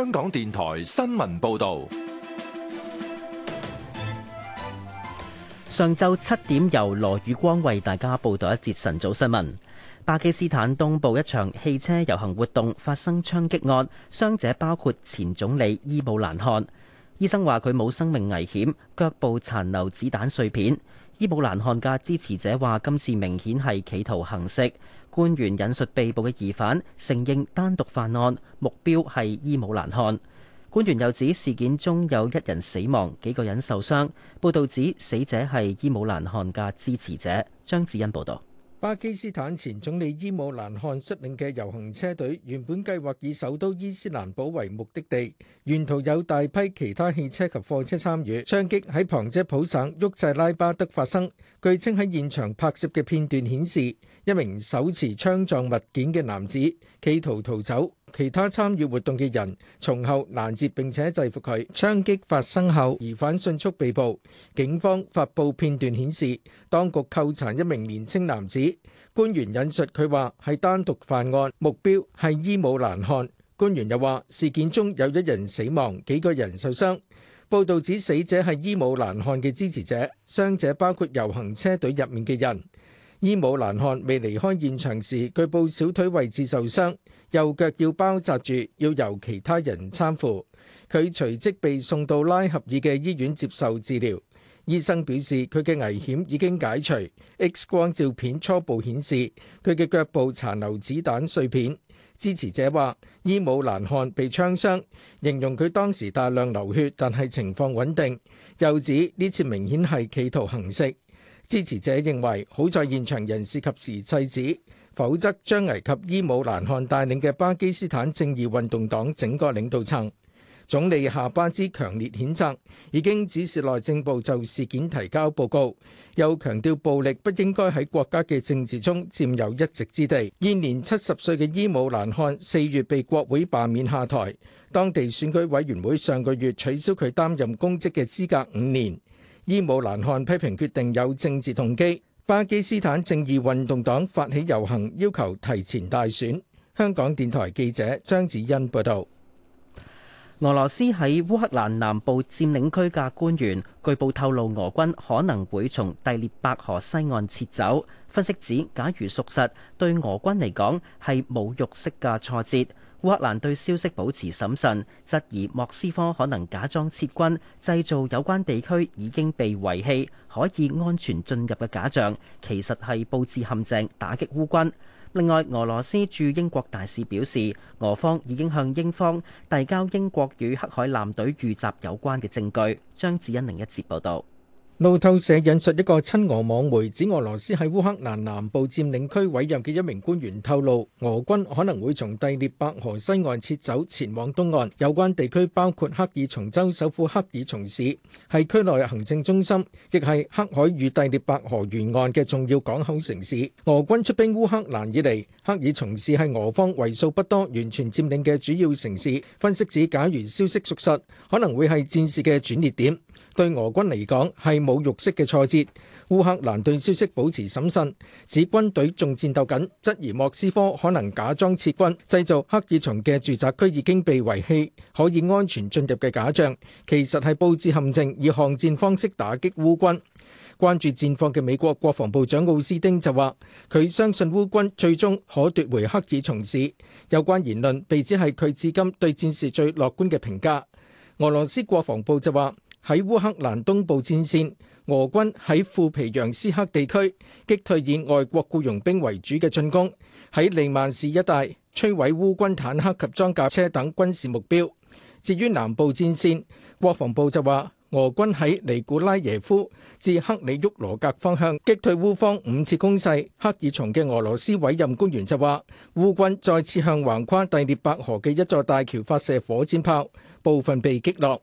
香港電台新聞報道：上晝七點，由羅宇光為大家報道一節晨早新聞。巴基斯坦東部一場汽車遊行活動發生槍擊案，傷者包括前總理伊布蘭汗。醫生話佢冇生命危險，腳部殘留子彈碎片。伊布蘭汗嘅支持者話，今次明顯係企圖行刺。官員引述被捕嘅疑犯承認單獨犯案，目標係伊姆蘭汗。官員又指事件中有一人死亡，幾個人受傷。報道指死者係伊姆蘭汗嘅支持者。張子欣報道。巴基斯坦前總理伊姆蘭汗率領嘅遊行車隊原本計劃以首都伊斯蘭堡為目的地，沿途有大批其他汽車及貨車參與。槍擊喺旁遮普省沃濟拉巴德發生，據稱喺現場拍攝嘅片段顯示，一名手持槍狀物件嘅男子企圖逃走。其他參與活動嘅人從後攔截並且制服佢。槍擊發生後，疑犯迅速被捕。警方發布片段顯示，當局扣查一名年輕男子。官員引述佢話：係單獨犯案，目標係伊姆蘭漢。官員又話：事件中有一人死亡，幾個人受傷。報道指死者係伊姆蘭漢嘅支持者，傷者包括遊行車隊入面嘅人。伊姆蘭汗未離開現場時，據報小腿位置受傷，右腳要包紮住，要由其他人攙扶。佢隨即被送到拉合爾嘅醫院接受治療。醫生表示佢嘅危險已經解除。X 光照片初步顯示佢嘅腳部殘留子彈碎片。支持者話：伊姆蘭汗被槍傷，形容佢當時大量流血，但係情況穩定。又指呢次明顯係企圖行刺。支持者認為，好在現場人士及時制止，否則將危及伊姆蘭汗帶領嘅巴基斯坦正義運動黨整個領導層。總理夏巴茲強烈譴責，已經指示內政部就事件提交報告，又強調暴力不應該喺國家嘅政治中佔有一席之地。現年七十歲嘅伊姆蘭汗四月被國會罷免下台，當地選舉委員會上個月取消佢擔任公職嘅資格五年。伊姆蘭汗批評決定有政治動機。巴基斯坦正義運動黨發起遊行，要求提前大選。香港電台記者張子欣報道。俄羅斯喺烏克蘭南部佔領區嘅官員據報透露，俄軍可能會從第列伯河西岸撤走。分析指，假如屬實，對俄軍嚟講係侮辱式嘅挫折。.烏克蘭對消息保持審慎，質疑莫斯科可能假裝撤軍，製造有關地區已經被遺棄、可以安全進入嘅假象，其實係布置陷阱，打擊烏軍。另外，俄羅斯駐英國大使表示，俄方已經向英方遞交英國與黑海艦隊遇襲有關嘅證據。張子欣另一節報道。路透社引述一個親俄網媒指，俄羅斯喺烏克蘭南部佔領區委任嘅一名官員透露，俄軍可能會從第聶伯河西岸撤走，前往東岸。有關地區包括克爾松州首府克爾松市，係區內行政中心，亦係黑海與第聶伯河沿岸嘅重要港口城市。俄軍出兵烏克蘭以嚟，克爾松市係俄方為數不多完全佔領嘅主要城市。分析指，假如消息屬實，可能會係戰事嘅轉捩點。對俄軍嚟講係侮辱式嘅挫折。烏克蘭對消息保持審慎，指軍隊仲戰鬥緊，質疑莫斯科可能假裝撤軍，製造黑爾松嘅住宅區已經被遺棄，可以安全進入嘅假象，其實係佈置陷阱，以巷戰方式打擊烏軍。關注戰況嘅美國國防部長奧斯丁就話：佢相信烏軍最終可奪回黑爾松市。有關言論被指係佢至今對戰事最樂觀嘅評價。俄羅斯國防部就話。喺烏克蘭東部戰線，俄軍喺庫皮揚斯克地區擊退以外國僱傭兵為主嘅進攻；喺利曼市一帶摧毀烏軍坦克及裝甲車等軍事目標。至於南部戰線，國防部就話俄軍喺尼古拉耶夫至克里沃羅格方向擊退烏方五次攻勢。克爾松嘅俄羅斯委任官員就話，烏軍再次向橫跨第聶伯河嘅一座大橋發射火箭炮，部分被擊落。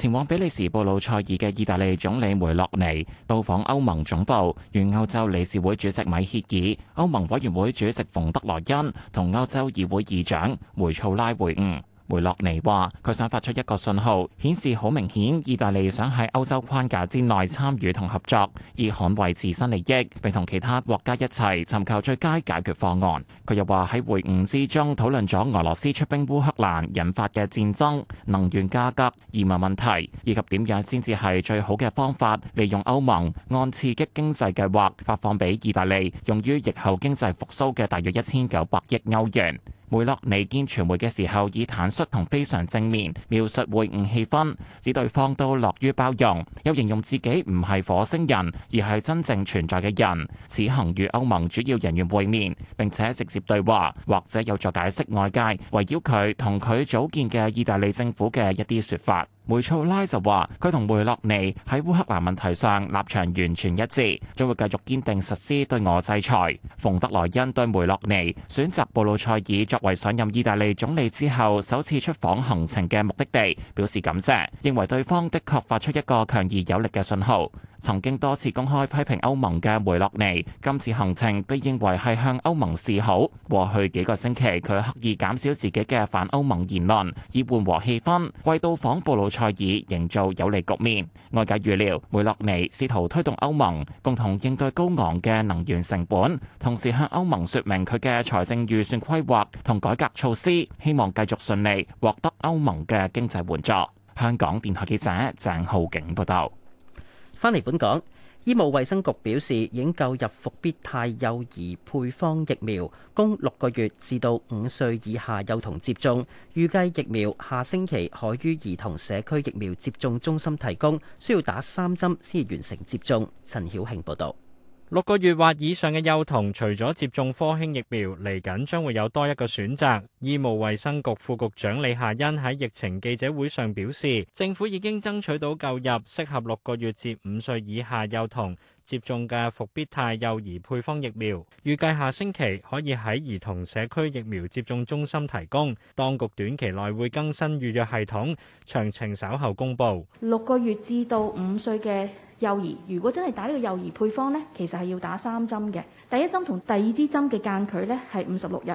前往比利時布魯塞爾嘅意大利總理梅洛尼到訪歐盟總部，與歐洲理事會主席米歇爾、歐盟委員會主席馮德萊恩同歐洲議會議長梅措拉會晤。梅洛尼話，佢想發出一個信號，顯示好明顯，意大利想喺歐洲框架之內參與同合作，以捍衛自身利益，並同其他國家一齊尋求最佳解決方案。佢又話喺會晤之中討論咗俄羅斯出兵烏克蘭引發嘅戰爭、能源價格、移民問題，以及點樣先至係最好嘅方法，利用歐盟按刺激經濟計劃發放俾意大利用於疫後經濟復蘇嘅大約一千九百億歐元。梅洛尼見傳媒嘅時候，以坦率同非常正面描述會晤氣氛，指對方都樂於包容，又形容自己唔係火星人，而係真正存在嘅人。此行與歐盟主要人員會面，並且直接對話，或者有助解釋外界，圍繞佢同佢組建嘅意大利政府嘅一啲說法。梅措拉就話：佢同梅洛尼喺烏克蘭問題上立場完全一致，將會繼續堅定實施對俄制裁。馮德萊恩對梅洛尼選擇布魯塞爾作為上任意大利總理之後首次出訪行程嘅目的地表示感謝，認為對方的確發出一個強而有力嘅訊號。曾經多次公開批評歐盟嘅梅洛尼，今次行程被認為係向歐盟示好。過去幾個星期，佢刻意減少自己嘅反歐盟言論，以緩和氣氛，為到訪布魯。塞爾營造有利局面，外界預料梅洛尼試圖推動歐盟共同應對高昂嘅能源成本，同時向歐盟說明佢嘅財政預算規劃同改革措施，希望繼續順利獲得歐盟嘅經濟援助。香港電台記者鄭浩景報道。翻嚟本港。醫務衛生局表示，已經購入復必泰幼兒配方疫苗，供六個月至到五歲以下幼童接種。預計疫苗下星期可於兒童社區疫苗接種中心提供，需要打三針先完成接種。陳曉慶報道。六個月或以上嘅幼童，除咗接種科興疫苗，嚟緊將會有多一個選擇。醫務衛生局副局長李夏欣喺疫情記者會上表示，政府已經爭取到購入適合六個月至五歲以下幼童接種嘅復必泰幼兒配方疫苗，預計下星期可以喺兒童社區疫苗接種中心提供。當局短期內會更新預約系統，詳情稍後公布。六個月至到五歲嘅幼兒，如果真係打呢個幼兒配方咧，其實係要打三針嘅。第一針同第二支針嘅間距咧係五十六日，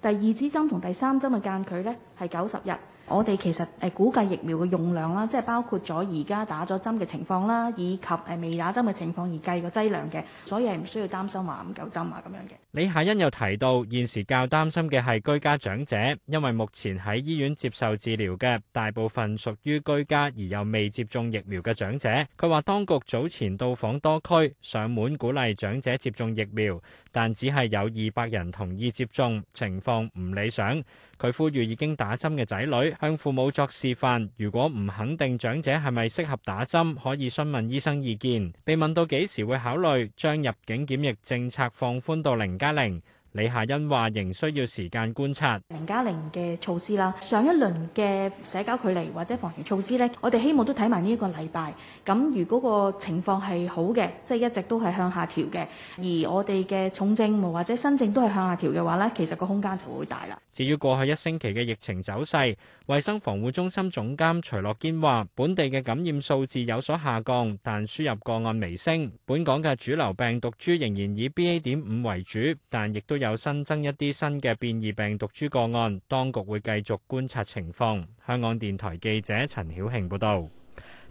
第二支針同第三針嘅間距咧係九十日。我哋其實誒估計疫苗嘅用量啦，即係包括咗而家打咗針嘅情況啦，以及誒未打針嘅情況而計個劑量嘅，所以係唔需要擔心話唔夠針啊咁樣嘅。李夏欣又提到，現時較擔心嘅係居家長者，因為目前喺醫院接受治療嘅大部分屬於居家而又未接種疫苗嘅長者。佢話當局早前到訪多區，上門鼓勵長者接種疫苗，但只係有二百人同意接種，情況唔理想。佢呼籲已經打針嘅仔女向父母作示範，如果唔肯定長者係咪適合打針，可以詢問醫生意見。被問到幾時會考慮將入境檢疫政策放寬到零加零。李夏欣話：仍需要時間觀察零加零嘅措施啦，上一輪嘅社交距離或者防疫措施呢，我哋希望都睇埋呢一個禮拜。咁如果個情況係好嘅，即係一直都係向下調嘅，而我哋嘅重症冇或者新症都係向下調嘅話呢，其實個空間就會大啦。至於過去一星期嘅疫情走勢，衞生防護中心總監徐樂堅話：本地嘅感染數字有所下降，但輸入個案微升。本港嘅主流病毒株仍然以 BA. 點五為主，但亦都有。有新增一啲新嘅變異病毒株個案，當局會繼續觀察情況。香港電台記者陳曉慶報道。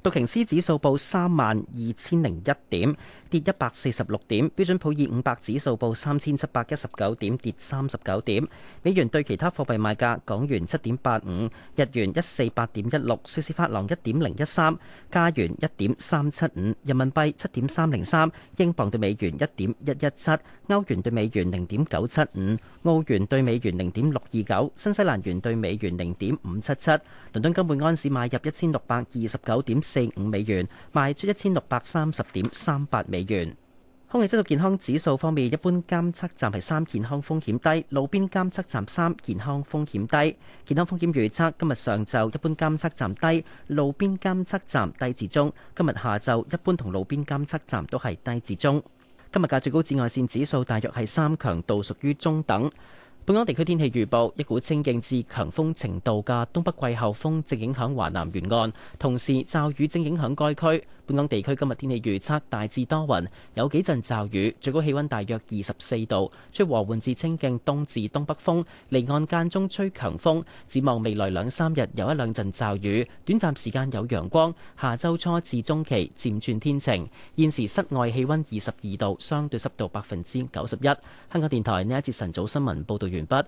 道瓊斯指數報三萬二千零一點，跌一百四十六點。標準普爾五百指數報三千七百一十九點，跌三十九點。美元對其他貨幣賣價：港元七點八五，日元一四八點一六，瑞士法郎一點零一三，加元一點三七五，人民幣七點三零三，英鎊對美元一點一一七，歐元對美元零點九七五，澳元對美元零點六二九，新西蘭元對美元零點五七七。倫敦金本安市買入一千六百二十九點四五美元賣出一千六百三十點三八美元。空氣質素健康指數方面，一般監測站係三健康風險低，路邊監測站三健康風險低。健康風險預測今日上晝一般監測站低，路邊監測站低至中。今日下晝一般同路邊監測站都係低至中。今日嘅最高紫外線指數大約係三，強度屬於中等。本港地區天氣預報：一股清勁至強風程度嘅東北季候風正影響華南沿岸，同時驟雨正影響該區。本港地區今日天，天氣預測大致多雲，有幾陣驟雨，最高氣温大約二十四度，吹和緩至清勁東至東北風，離岸間中吹強風。展望未來兩三日有一兩陣驟雨，短暫時間有陽光，下周初至中期漸轉天晴。現時室外氣温二十二度，相對濕度百分之九十一。香港電台呢一節晨早新聞報道完畢。